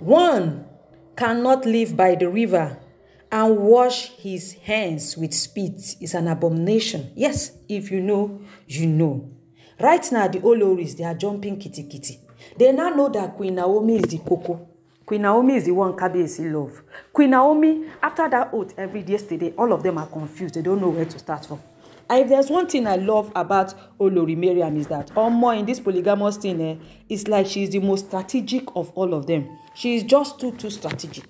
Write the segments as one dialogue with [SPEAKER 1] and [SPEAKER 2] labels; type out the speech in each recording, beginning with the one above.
[SPEAKER 1] One cannot live by the river and wash his hands with spit is an abomination. Yes, if you know, you know. Right now, the Oloris, they are jumping kitty kitty. They now know that Queen Naomi is the coco. Queen Naomi is the one Kabiyesi love. Queen Naomi, after that oath every yesterday, all of them are confused. They don't know where to start from. And if there's one thing I love about Olori Mariam is that more in this polygamous thing, eh, it's like she's the most strategic of all of them. She is just too too strategic.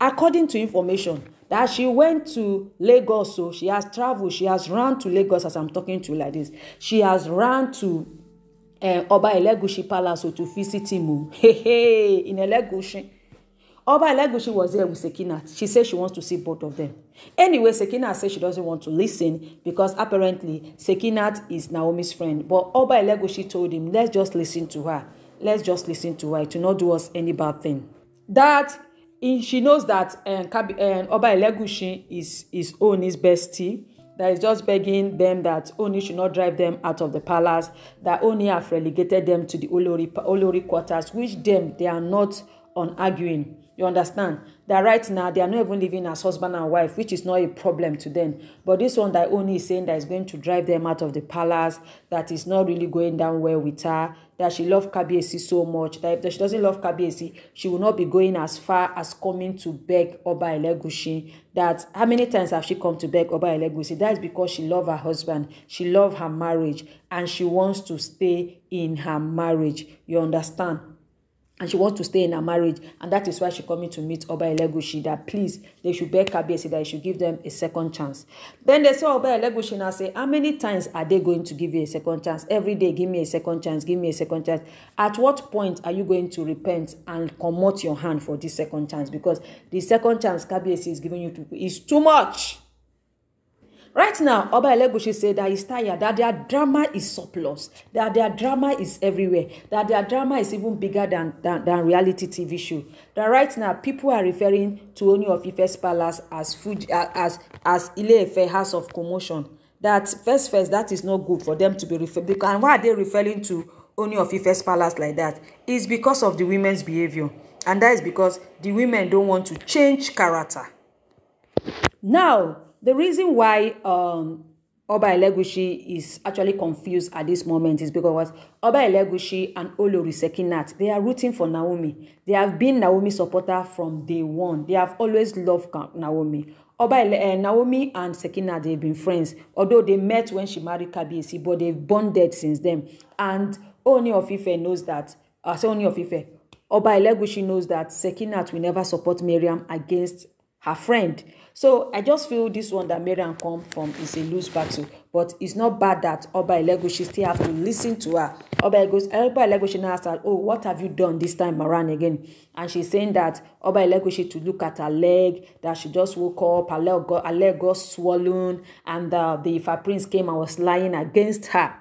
[SPEAKER 1] According to information that she went to Lagos, so she has travelled. she has run to Lagos as I'm talking to you like this. She has run to uh, Oba Elegushi Palace so to visit him oh. hey, hey, in Elegushi. Oba Elegushi was there with Sekinat. She said she wants to see both of them. Anyway, Sekinat said she doesn't want to listen because apparently Sekinat is Naomi's friend. But Oba Elegushi told him, let's just listen to her let's just listen to her it will not do us any bad thing that in, she knows that um, Kabi, um, Oba Elegushi is is Oni's bestie that is just begging them that Oni should not drive them out of the palace that Oni have relegated them to the Olori Olori quarters which them they are not on arguing You understand? That right now they are not even living as husband and wife, which is not a problem to them. But this one that only is saying that is going to drive them out of the palace, that is not really going down well with her, that she loves Kabiesi so much, that if she doesn't love Kabiesi, she will not be going as far as coming to beg Oba Elegushi. That how many times have she come to beg Oba Elegushi? That is because she loves her husband, she loves her marriage, and she wants to stay in her marriage. You understand? and she wants to stay in her marriage and that is why she coming to meet Oba Elegushi that please they should beg Kabiyesi that he should give them a second chance then they saw oh, Oba Elegushi now say how many times are they going to give you a second chance every day give me a second chance give me a second chance at what point are you going to repent and comot your hand for this second chance because the second chance Kabiyesi is giving you to, is too much Right now, Oba Elegushi said that he's tired, that their drama is surplus, that their drama is everywhere, that their drama is even bigger than, than, than reality TV show. That right now, people are referring to Ooni of Ife's palace as, Fuji, as, as ile House of Commotion. That first, first, that is not good for them to be referred. And why are they referring to Ooni of Ife's palace like that? Is because of the women's behavior. And that is because the women don't want to change character. Now, the reason why um, Oba Elegushi is actually confused at this moment is because Oba Elegushi and Olori Sekinat, they are rooting for Naomi. They have been Naomi supporter from day one. They have always loved Naomi. Oba uh, Naomi and Sekinat, they've been friends. Although they met when she married Kabiesi, but they've bonded since then. And Ooni of knows that, uh, say Ooni of Ife, Oba Elegushi knows that Sekinat will never support Miriam against her friend. So I just feel this one that Mariam come from is a loose battle. But it's not bad that Oba she still have to listen to her. Oba Elegushi, Oba she now asked her, oh, what have you done this time around again? And she's saying that Oba she to look at her leg, that she just woke up, her leg got, her leg got swollen, and uh, the Ifa prince came and was lying against her.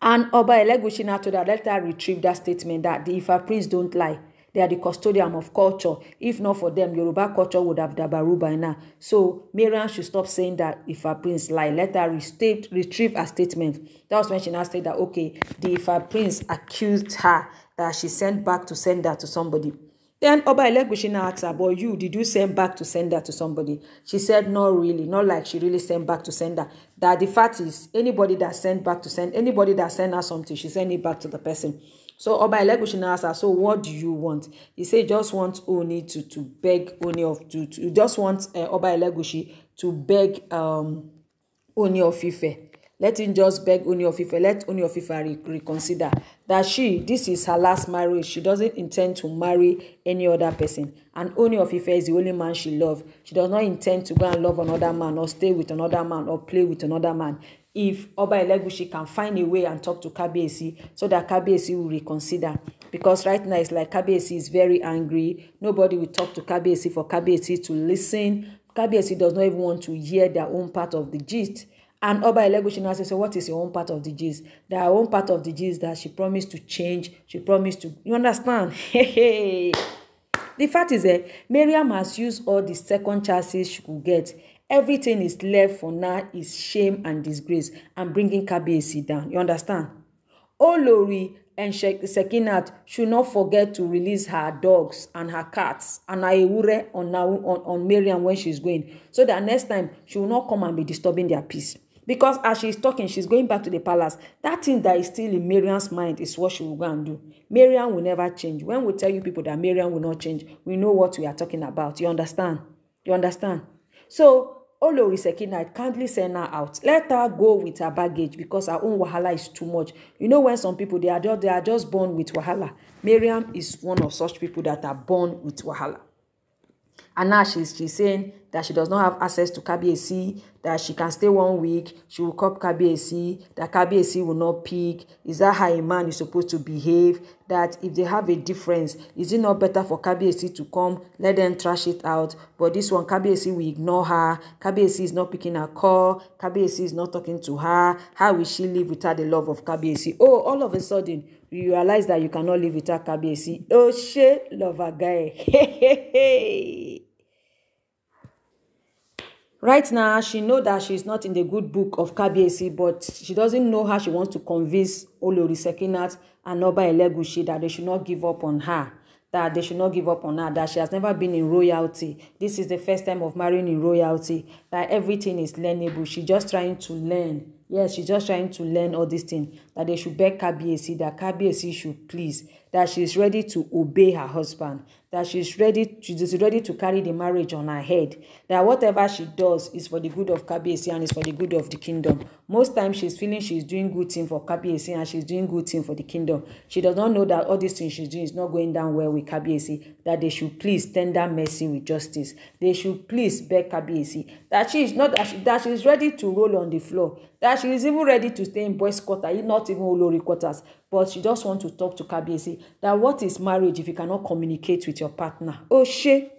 [SPEAKER 1] And Oba she now told her, let her retrieve that statement that the Ifa prince don't lie. They are the custodian of culture. If not for them, Yoruba culture would have dabaru by now. So Marian should stop saying that if her prince lie. Let her restate, retrieve her statement. That was when she now said that, okay, the a prince accused her that she sent back to send that to somebody. Then Oba she now asked her, but you, did you send back to send that to somebody? She said, no, really, not like she really sent back to send that. That the fact is, anybody that sent back to send, anybody that sent her something, she sent it back to the person. So Oba Elegushi now asked so what do you want? He said, just want Oni to, to beg Oni of, to, to just want uh, eh, Oba Elegushi to beg um, Oni of Ife Let him just beg Ooni of Let Ooni of re reconsider that she, this is her last marriage. She doesn't intend to marry any other person. And Ooni of is the only man she loves. She does not intend to go and love another man or stay with another man or play with another man. If Oba Elegushi can find a way and talk to Kabiyesi so that Kabiyesi will reconsider. Because right now it's like Kabiyesi is very angry. Nobody will talk to Kabiyesi for Kabiyesi to listen. Kabiyesi does not even want to hear their own part of the gist. And Oba Elegushi now says, so what is your own part of the gist? Their own part of the gist that she promised to change, she promised to, you understand? The fact is that eh, Miriam has used all the second chances she could get. Everything is left for now is shame and disgrace and bringing Kabiyesi down. You understand? Olori and Sekinat should not forget to release her dogs and her cats and her ewure on, on, on Miriam when she's going so that next time she will not come and be disturbing their peace because as she's talking she's going back to the palace that thing that is still in Marian's mind is what she will go and do Marian will never change when we tell you people that Marian will not change we know what we are talking about you understand you understand so olori sekinat kindly send her out let her go with her baggage because her own wahala is too much you know when some people they are just they are just born with wahala Marian is one of such people that are born with wahala and now she's she's saying that she does not have access to Kabiesi, that she can stay one week, she will call Kabiesi, that Kabiesi will not pick. Is that how a man is supposed to behave? That if they have a difference, is it not better for Kabiesi to come, let them trash it out? But this one, Kabiesi will ignore her. Kabiesi is not picking her call. Kabiesi is not talking to her. How will she live without the love of Kabiesi? Oh, all of a sudden, you realize that you cannot live without Kabiesi. Oh, she love her guy. Hey, hey, hey right now she know that she is not in the good book of kabiyesi but she doesn't know how she wants to convince olori sekinat and oba elegushi that they should not give up on her that they should not give up on her that she has never been in royalty this is the first time of marrying in royalty that everything is learnable she just trying to learn yes she just trying to learn all these things that they should beg Kabiesi, that Kabiesi should please, that she is ready to obey her husband, that she is ready, she is ready to carry the marriage on her head, that whatever she does is for the good of Kabiesi and is for the good of the kingdom. Most times she's feeling she's doing good thing for Kabiesi and she's doing good thing for the kingdom. She does not know that all these things she's doing is not going down well with Kabiesi, that they should please tender mercy with justice. They should please beg Kabiesi, that she is not, that she, that she is ready to roll on the floor, that she is even ready to stay in boy's quarter, if not not even Olori quarters, but she just want to talk to Kabiesi that what is marriage if you cannot communicate with your partner? Oh, she.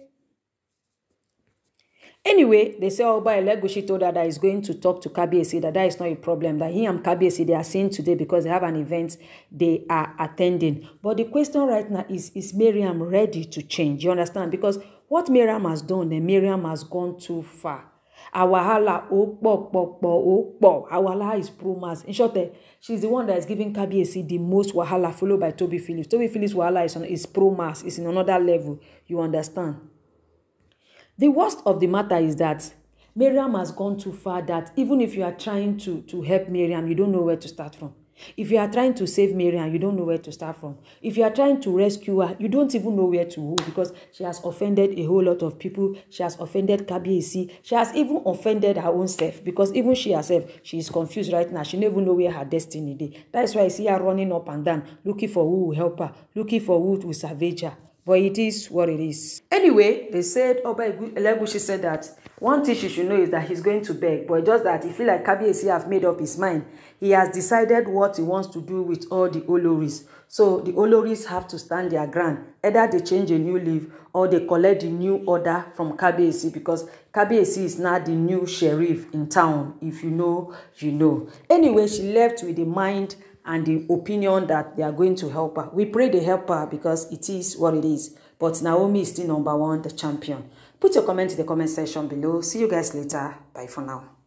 [SPEAKER 1] Anyway, they say Oba Elegushi told her that he's going to talk to Kabiesi, that that is not a problem, that he and Kabiesi, they are seeing today because they have an event they are attending. But the question right now is, is Miriam ready to change? You understand? Because what Miriam has done, then Miriam has gone too far. Awahala Okpokpokpo Okpo. Awala is promas. In short, eh, she's the one that is giving Kabiesi the most Wahala, followed by Toby Phillips. Toby Phillips Wahala is, on, is promas, is in another level. You understand? The worst of the matter is that Miriam has gone too far that even if you are trying to, to help Miriam, you don't know where to start from. If you are trying to save Mary and you don't know where to start from, if you are trying to rescue her, you don't even know where to go because she has offended a whole lot of people. She has offended Kabiesi. She has even offended her own self because even she herself, she is confused right now. She never know where her destiny is. That is why I see her running up and down, looking for who will help her, looking for who will salvage her. But it is what it is. Anyway, they said Oba Elegushi said that one thing she should know is that he's going to beg, but just that he feel like Kabiyesi have made up his mind. He has decided what he wants to do with all the Oloris. So the Oloris have to stand their ground. Either they change a new leaf or they collect the new order from Kabiyesi because Kabiyesi is now the new sheriff in town. If you know, you know. Anyway, she left with the mind and the opinion that they are going to help her. We pray they help her because it is what it is. But Naomi is still number one, the champion. Put your comment in the comment section below. See you guys later. Bye for now.